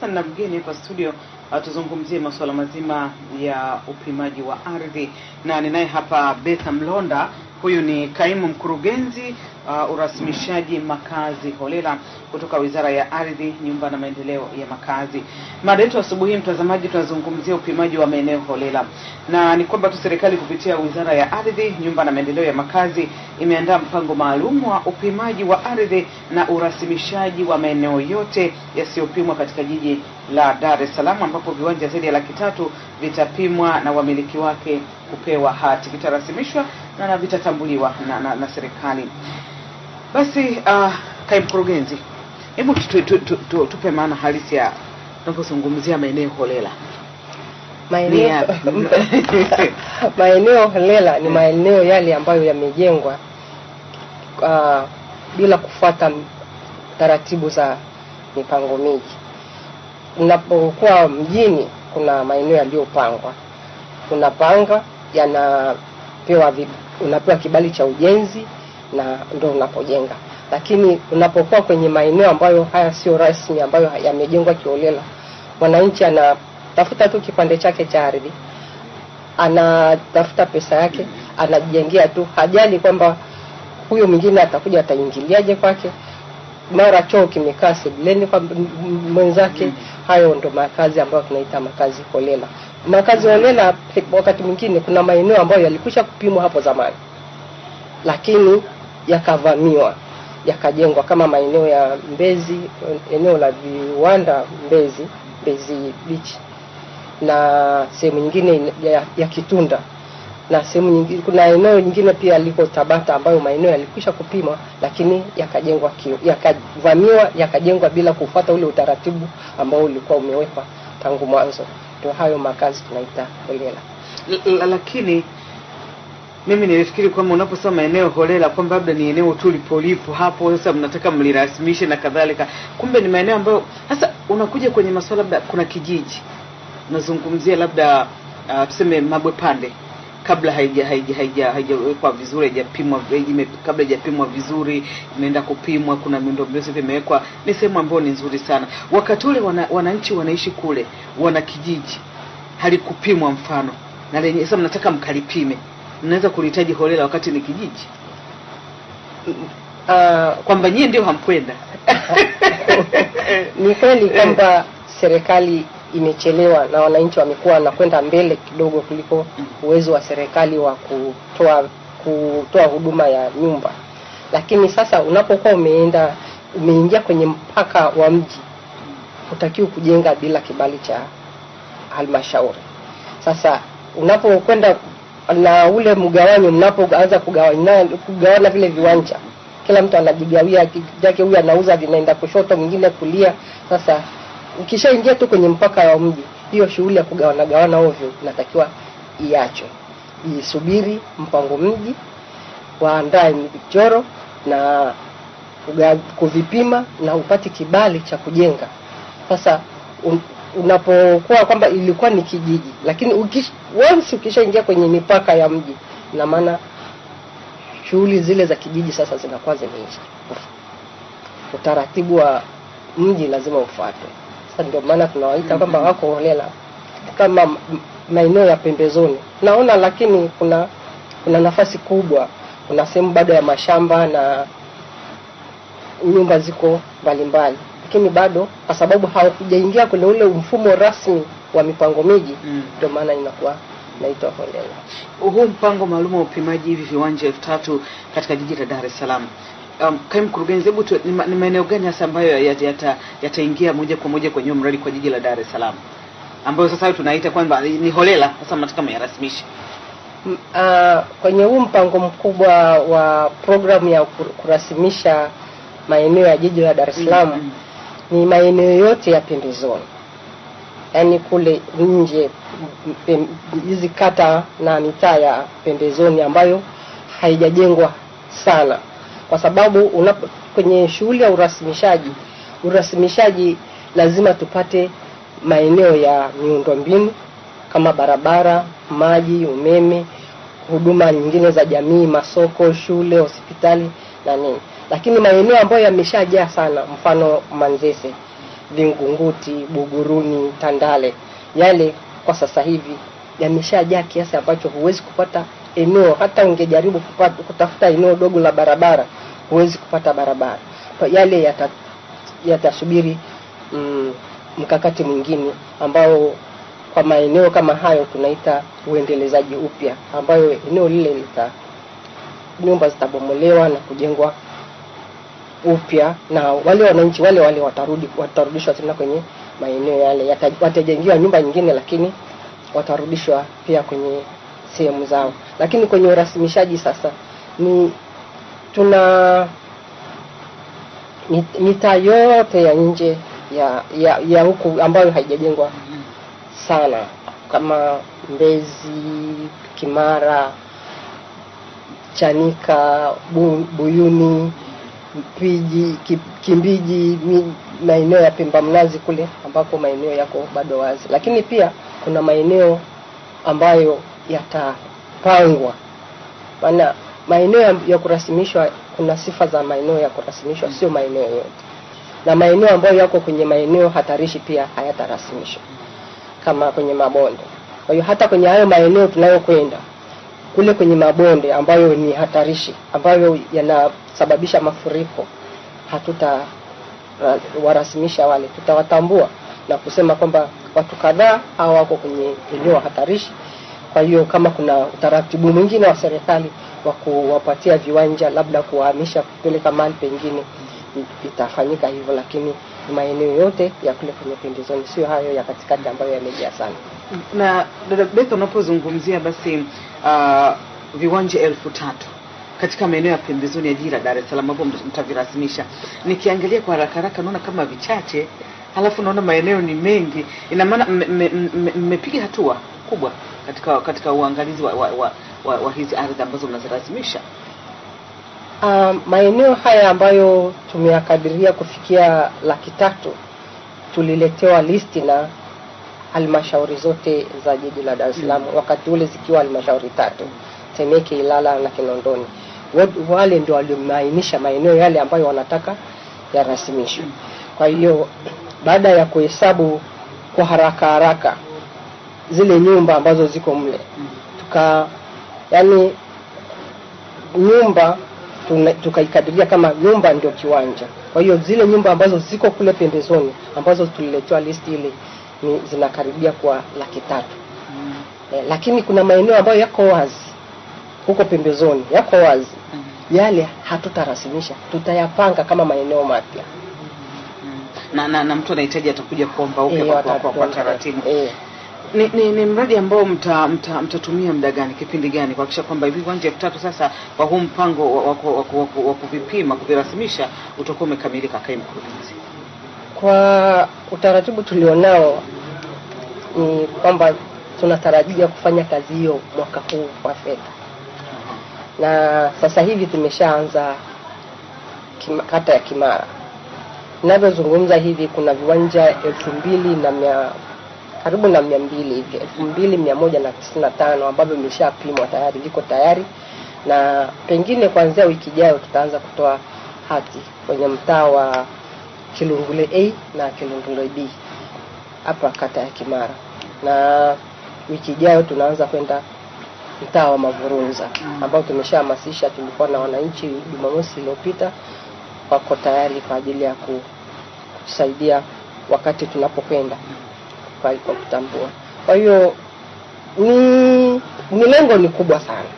sana na mgeni hapa studio Ah, tuzungumzie masuala mazima ya upimaji wa ardhi, na ninaye hapa Betha Mlonda. Huyu ni kaimu mkurugenzi uh, urasimishaji makazi holela kutoka Wizara ya Ardhi, Nyumba na Maendeleo ya Makazi. Mada yetu asubuhi, mtazamaji, tunazungumzia upimaji wa maeneo holela, na ni kwamba tu serikali kupitia Wizara ya Ardhi, Nyumba na Maendeleo ya Makazi imeandaa mpango maalum wa upimaji wa ardhi na urasimishaji wa maeneo yote yasiyopimwa katika jiji la Dar es Salaam ambapo viwanja zaidi ya laki tatu vitapimwa na wamiliki wake kupewa hati, vitarasimishwa na vitatambuliwa na, na, na serikali. Basi uh, kaimu mkurugenzi, hebu tu, tu, tu, tu, tupe maana halisi ya tunapozungumzia maeneo holela. Maeneo maeneo holela ni eh. maeneo yale ambayo yamejengwa uh, bila kufuata taratibu za mipango miji mnapokuwa mjini, kuna maeneo yaliyopangwa, kuna panga yanapewa, unapewa kibali cha ujenzi na ndo unapojenga, lakini unapokuwa kwenye maeneo ambayo haya sio rasmi, ambayo yamejengwa kiolela, mwananchi anatafuta tu kipande chake cha ardhi, anatafuta pesa yake, anajengea tu, hajali kwamba huyo mwingine atakuja ataingiliaje kwake. Mara choo kimekaa sebuleni kwa mwenzake mm hayo ndo makazi ambayo tunaita makazi holela. Makazi holela wakati mwingine, kuna maeneo ambayo yalikwisha kupimwa hapo zamani, lakini yakavamiwa yakajengwa, kama maeneo ya Mbezi, eneo la viwanda Mbezi, Mbezi Beach na sehemu nyingine ya, ya Kitunda na sehemu nyingine, kuna eneo nyingine pia liko Tabata ambayo maeneo yalikwisha kupimwa, lakini yakajengwa yakavamiwa yakajengwa bila kufuata ule utaratibu ambao ulikuwa umewekwa tangu mwanzo. Ndio hayo makazi tunaita holela. lakini mimi nilifikiri kwamba unaposema eneo holela kwamba labda ni eneo tu lipolipo hapo, sasa mnataka mlirasimishe na kadhalika, kumbe ni maeneo ambayo sasa unakuja kwenye masuala labda kuna kijiji nazungumzia labda uh, tuseme Mabwe Pande kabla haijawekwa haija, haija, haija vizuri haijapimwa, kabla haijapimwa vizuri, imeenda kupimwa, kuna miundo sasa imewekwa. Ni sehemu ambayo ni nzuri sana. Wakati ule wana, wananchi wanaishi kule, wana kijiji halikupimwa mfano na lenye sasa, mnataka mkalipime, mnaweza kulihitaji holela wakati ni kijiji uh, kwamba nyie ndio hamkwenda ni kweli kwamba serikali imechelewa na wananchi wamekuwa wanakwenda mbele kidogo kuliko uwezo wa serikali wa kutoa kutoa huduma ya nyumba. Lakini sasa unapokuwa umeenda umeingia kwenye mpaka wa mji, hutakiwi kujenga bila kibali cha halmashauri. Sasa unapokwenda na ule mgawanyo, mnapoanza kugawana kugawana vile viwanja, kila mtu anajigawia chake, huyu anauza vinaenda kushoto, mwingine kulia. Sasa Ukishaingia tu kwenye mpaka wa mji, hiyo shughuli ya kugawana gawana ovyo inatakiwa iachwe, isubiri mpango mji, waandae michoro na kuvipima na upate kibali cha kujenga. Sasa un, unapokuwa kwamba ilikuwa ni kijiji, lakini once ukishaingia kwenye mipaka ya mji, na maana shughuli zile za kijiji sasa zinakuwa zimeisha. Utaratibu wa mji lazima ufuatwe. Sasa ndio maana tunawaita kwamba wako holela kama maeneo ya pembezoni. Naona lakini kuna kuna nafasi kubwa, kuna sehemu bado ya mashamba na nyumba ziko mbalimbali, lakini bado kwa sababu hawakujaingia kwenye ule mfumo rasmi wa mipango miji, mm. ndio mm. maana inakuwa naitwa holela. Huu mpango maalum wa upimaji hivi viwanja elfu tatu katika jiji la Dar es Salaam um, kaimu mkurugenzi, hebu ni maeneo gani hasa ambayo yataingia yata, yata moja kwa moja kwenye mradi kwa jiji la Dar es Salaam ambayo sasa tunaita kwamba ni holela, sasa mnataka myarasimishe? Uh, kwenye huu mpango mkubwa wa programu ya kurasimisha maeneo ya jiji la Dar es Salaam mm -hmm. ni maeneo yote ya pembezoni, yaani kule nje hizi kata na mitaa ya pembezoni ambayo haijajengwa sana kwa sababu unapo, kwenye shughuli ya urasimishaji urasimishaji lazima tupate maeneo ya miundombinu kama barabara, maji, umeme, huduma nyingine za jamii, masoko, shule, hospitali na nini. Lakini maeneo ambayo yameshajaa sana, mfano Manzese, Vingunguti, Buguruni, Tandale, yale kwa sasa hivi yameshajaa kiasi ambacho huwezi kupata eneo, hata ungejaribu kupata, kutafuta eneo dogo la barabara huwezi kupata barabara. Kwa yale yata, yatasubiri mm, mkakati mwingine ambao kwa maeneo kama hayo tunaita uendelezaji upya, ambayo eneo lile lita nyumba zitabomolewa na kujengwa upya na wale wananchi wale wale watarudi watarudishwa tena kwenye maeneo yale, watajengiwa nyumba nyingine, lakini watarudishwa pia kwenye sehemu zao, lakini kwenye urasimishaji sasa ni tuna mitaa yote ya nje ya ya, ya huku ambayo haijajengwa sana kama Mbezi, Kimara, Chanika, Bu, Buyuni, Mpiji, Kimbiji, maeneo ya Pemba Mnazi kule ambako maeneo yako bado wazi, lakini pia kuna maeneo ambayo yatapangwa, maana maeneo ya kurasimishwa, kuna sifa za maeneo ya kurasimishwa, sio maeneo yote, na maeneo ambayo yako kwenye maeneo hatarishi pia hayatarasimishwa kama kwenye mabonde. Kwa hiyo hata kwenye hayo maeneo tunayokwenda kule kwenye mabonde ambayo ni hatarishi, ambayo yanasababisha mafuriko, hatuta uh, warasimisha wale, tutawatambua na kusema kwamba watu kadhaa hawa wako kwenye eneo hatarishi kwa hiyo kama kuna utaratibu mwingine wa serikali wa kuwapatia viwanja, labda kuwahamisha kupeleka mali pengine, itafanyika hivyo, lakini maeneo yote ya kule kwenye pendezoni sio hayo ya katikati ambayo yamejaa sana. Na dada Beth, unapozungumzia basi uh, viwanja elfu tatu katika maeneo ya pembezoni ya jira Dar es Salaam mtavirasimisha, nikiangalia kwa haraka haraka naona kama vichache, halafu naona maeneo ni mengi. Ina maana mmepiga hatua kubwa katika katika uangalizi wa, wa, wa, wa, wa hizi ardhi ambazo mnazirasimisha? Um, maeneo haya ambayo tumeyakadiria kufikia laki tatu tuliletewa listi na halmashauri zote za jiji la Dar es Salaam mm. Wakati ule zikiwa halmashauri tatu Temeke, Ilala na Kinondoni. Wale ndio walimaainisha maeneo yale ambayo wanataka yarasimishwe. Mm. Kwa hiyo baada ya kuhesabu kwa haraka haraka zile nyumba ambazo ziko mle tuka yani nyumba tukaikadiria kama nyumba ndio kiwanja. Kwa hiyo zile nyumba ambazo ziko kule pembezoni ambazo tuliletewa listi ile ni zinakaribia kwa laki tatu. Mm. E, lakini kuna maeneo ambayo yako wazi huko pembezoni yako wazi mm Yale hatutarasimisha, tutayapanga kama maeneo mapya mm, mm. Na, na, na mtu anahitaji atakuja kuomba upya eh, kwa, kwa, taratibu eh. Ni, ni, ni mradi ambao mtatumia mta, mta muda gani, kipindi gani kuhakikisha kwamba hivi viwanja elfu tatu sasa kwa huu mpango wa kuvipima kuvirasimisha utakuwa umekamilika, kai mkurugenzi? Kwa utaratibu tulionao ni kwamba tunatarajia kufanya kazi hiyo mwaka huu wa fedha, na sasa hivi tumeshaanza kata ya Kimara. Ninavyozungumza hivi kuna viwanja elfu mbili na mia karibu na mia mbili hivi elfu mbili mia moja na tisini na tano ambavyo vimeshapimwa tayari, viko tayari, na pengine kuanzia wiki ijayo tutaanza kutoa hati kwenye mtaa wa Kilungule A na Kilungule B hapa kata ya Kimara, na wiki ijayo tunaanza kwenda mtaa wa Mavurunza ambao tumeshahamasisha. Tulikuwa na wananchi Jumamosi iliyopita, wako tayari kwa ajili ya kusaidia wakati tunapokwenda kwa, kutambua. Kwa hiyo ni ni lengo ni kubwa sana,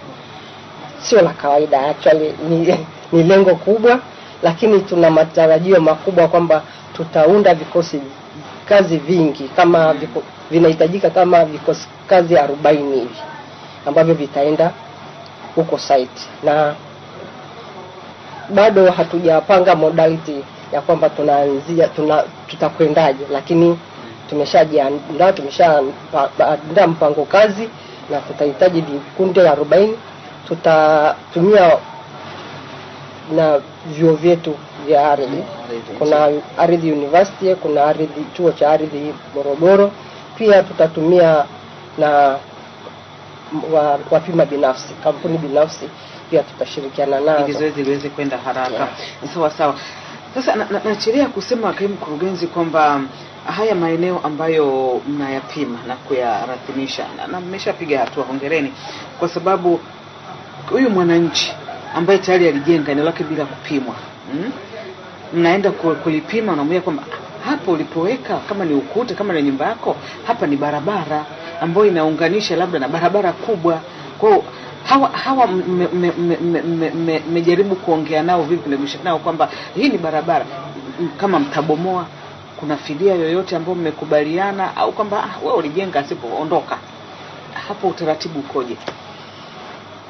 sio la kawaida actually, ni, ni lengo kubwa, lakini tuna matarajio makubwa kwamba tutaunda vikosi kazi vingi kama viko, vinahitajika kama vikosi kazi arobaini hivi ambavyo vitaenda huko site, na bado hatujapanga modality ya kwamba tunaanzia tuna, tutakwendaje, lakini tumeshajiandaa tumeshaandaa mpango kazi na tutahitaji vikundi arobaini. Tutatumia na vyuo vyetu vya ardhi, kuna ardhi university, kuna ardhi chuo cha ardhi Morogoro. Pia tutatumia na wapima wa binafsi, kampuni binafsi pia tutashirikiana nazo ili liweze kwenda haraka. Sawa sawa. Sasa naachelea na, na kusema kaimu mkurugenzi kwamba haya maeneo ambayo mnayapima na kuyarathimisha na, na mmeshapiga hatua, hongereni, kwa sababu huyu mwananchi ambaye tayari alijenga eneo lake bila kupimwa hmm? mnaenda kulipima, unamwambia kwamba ah, hapo ulipoweka kama ni ukuta kama ni nyumba yako, hapa ni barabara ambayo inaunganisha labda na barabara kubwa. Kwa hiyo hawa hawa mmejaribu kuongea nao vipi, nao kwamba hii ni barabara, kama mtabomoa kuna fidia yoyote ambayo mmekubaliana au kwamba ah, wewe ulijenga asipoondoka? Hapo utaratibu ukoje?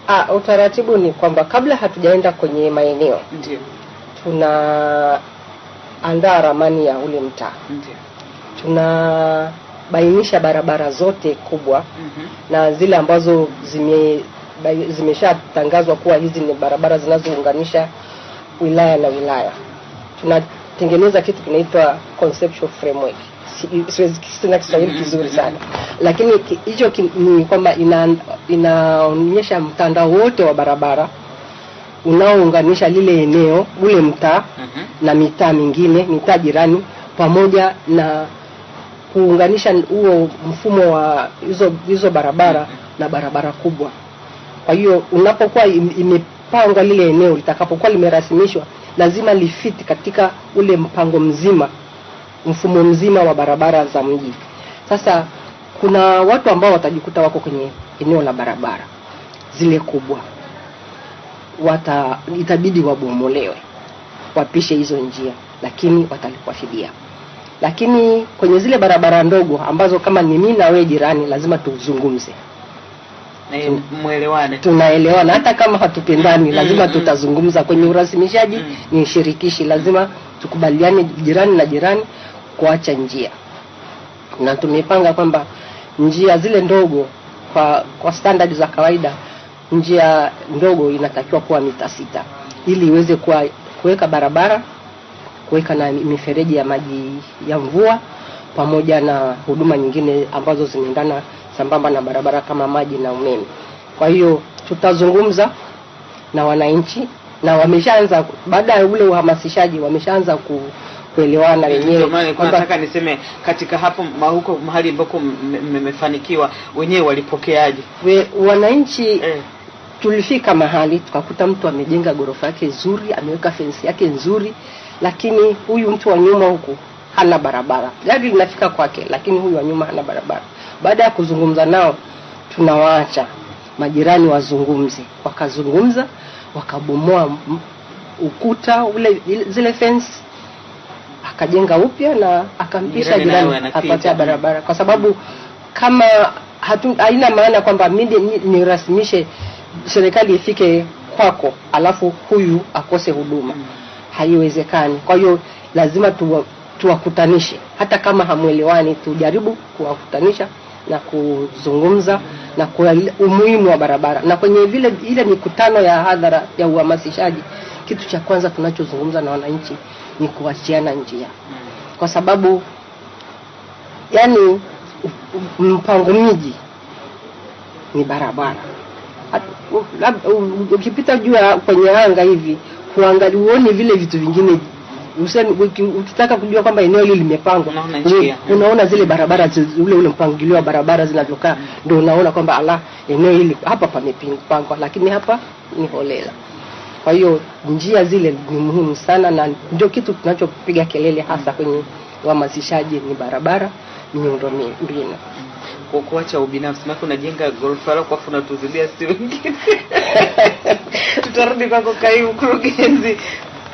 Ah, utaratibu ni kwamba kabla hatujaenda kwenye maeneo ndio tuna andaa ramani ya ule mtaa, tunabainisha barabara zote kubwa mm -hmm. na zile ambazo zime zimeshatangazwa kuwa hizi ni barabara zinazounganisha wilaya na wilaya. Tuna tengeneza kitu kinaitwa conceptual framework. Siwezi sina Kiswahili mm-hmm. kizuri sana, lakini hicho ni kwamba inaonyesha ina mtandao wote wa barabara unaounganisha lile eneo ule mtaa mm-hmm. na mitaa mingine mitaa jirani, pamoja na kuunganisha huo mfumo wa hizo hizo barabara mm-hmm. na barabara kubwa. Kwa hiyo unapokuwa imepangwa lile eneo litakapokuwa limerasimishwa lazima lifiti katika ule mpango mzima, mfumo mzima wa barabara za mji. Sasa kuna watu ambao watajikuta wako kwenye eneo la barabara zile kubwa, wata itabidi wabomolewe, wapishe hizo njia, lakini watalipwa fidia. Lakini kwenye zile barabara ndogo ambazo kama ni mimi na wewe jirani, lazima tuzungumze mwelewane, tunaelewana hata kama hatupendani, mm, lazima mm. tutazungumza. Kwenye urasimishaji mm. ni shirikishi, lazima tukubaliane jirani na jirani kuacha njia, na tumepanga kwamba njia zile ndogo kwa, kwa standard za kawaida njia ndogo inatakiwa kuwa mita sita ili iweze kuweka barabara, kuweka na mifereji ya maji ya mvua pamoja na huduma nyingine ambazo zinaendana sambamba na barabara kama maji na umeme. Kwa hiyo tutazungumza na wananchi na wameshaanza, baada ya ule uhamasishaji, wameshaanza ku kuelewana wenyewe. Nataka niseme katika hapo huko mahali ambako mmefanikiwa wenyewe walipokeaje? We, wananchi eh. Tulifika mahali tukakuta mtu amejenga ghorofa yake nzuri, ameweka fensi yake nzuri, lakini huyu mtu wa nyuma huku hana barabara, gari linafika kwake, lakini huyu wa nyuma hana barabara. Baada ya kuzungumza nao, tunawaacha majirani wazungumze. Wakazungumza, wakabomoa ukuta ule, zile fence akajenga upya na akampisha jirani apate barabara, kwa sababu kama hatu, haina maana kwamba mimi nirasimishe serikali ifike kwako alafu huyu akose huduma, mm. haiwezekani. Kwa hiyo lazima tu tuwakutanishe, hata kama hamwelewani, tujaribu kuwakutanisha na kuzungumza na kwa umuhimu wa barabara. Na kwenye vile ile mikutano ya hadhara ya uhamasishaji, kitu cha kwanza tunachozungumza na wananchi ni kuachiana njia, kwa sababu yani mpango miji ni barabara. Ukipita juu kwenye anga hivi huangali, huoni vile vitu vingine ukitaka kujua kwamba eneo hili limepangwa, unaona zile barabara ule ule mpangilio wa barabara zinavyokaa, ndio unaona kwamba ala, eneo hili hapa pamepangwa, lakini hapa ni holela. Kwa hiyo njia zile ni muhimu sana, na ndio kitu tunachopiga kelele hasa kwenye uhamasishaji ni barabara, miundo mbinu kwa kuacha ubinafsi mako unajenga golfa lako afu unatuzibia si wengine. Tutarudi kwako, kai mkurugenzi.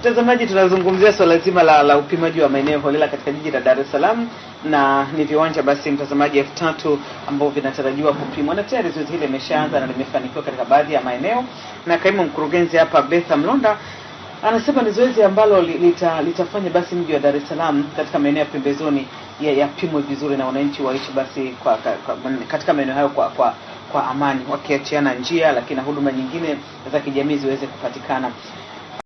Mtazamaji, tunazungumzia swala so zima la, la upimaji wa maeneo holela katika jiji la Dar es Salaam na ni viwanja basi mtazamaji elfu tatu vinatarajiwa kupimwa na tayari zoezi hili limeshaanza na limefanikiwa katika baadhi ya maeneo, na kaimu mkurugenzi hapa Betha Mlonda anasema ni zoezi ambalo lita, litafanya basi mji wa Dar es Salaam katika maeneo ya pembezoni yapimwe ya vizuri na wananchi waishi basi kwa, kwa, katika maeneo hayo kwa, kwa kwa amani wakiachiana njia, lakini na huduma nyingine za kijamii ziweze kupatikana.